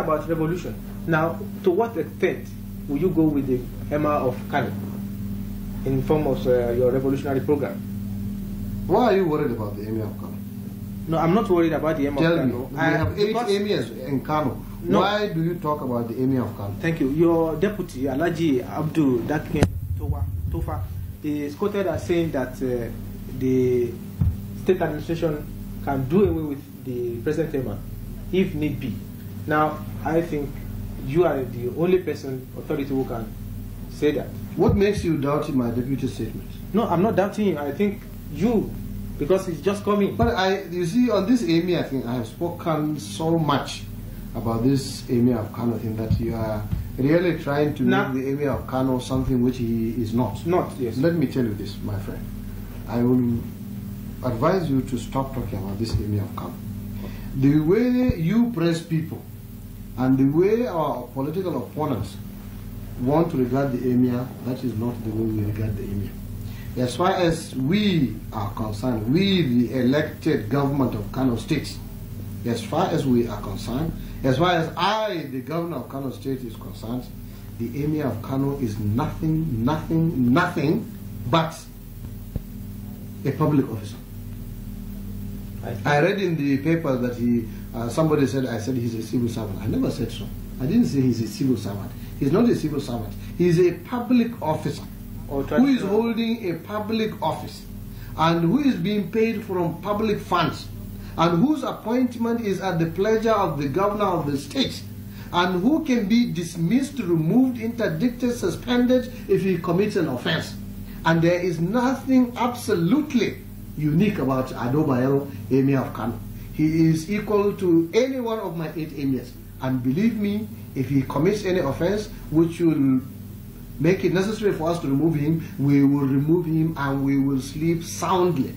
about revolution. Now, to what extent will you go with the hammer of cannon in form of uh, your revolutionary program? Why are you worried about the emir of Kano? No, I'm not worried about the emir Tell of Kano. Me, I, have eight emirs in Kano. No. Why do you talk about the emir of Kano? Thank you. Your deputy, Alaji Abdul Dakin Tofa, is quoted as saying that uh, the state administration can do away with the present emir if need be. Now, I think you are the only person, authority who can say that. What makes you doubt my deputy statement? No, I'm not doubting you. I think you, because it's just coming. But I, you see, on this Amy, I think I have spoken so much about this Amy of Kano thing that you are really trying to now, make the Amy of Kano something which he is not. Not, yes. Let me tell you this, my friend. I will advise you to stop talking about this Amy of Kano. The way you press people and the way our political opponents want to regard the emir, that is not the way we regard the emir. As far as we are concerned, we the elected government of Kano State, as far as we are concerned, as far as I, the governor of Kano State, is concerned, the emir of Kano is nothing, nothing, nothing but a public officer. I read in the papers that he uh, somebody said, I said he's a civil servant. I never said so. I didn't say he's a civil servant. He's not a civil servant. He's a public officer oh, who is holding a public office and who is being paid from public funds and whose appointment is at the pleasure of the governor of the state and who can be dismissed, removed, interdicted, suspended if he commits an offense. And there is nothing absolutely unique about Adobayo, Emir of Kano. He is equal to any one of my eight emirs. And believe me, if he commits any offense which will make it necessary for us to remove him, we will remove him and we will sleep soundly.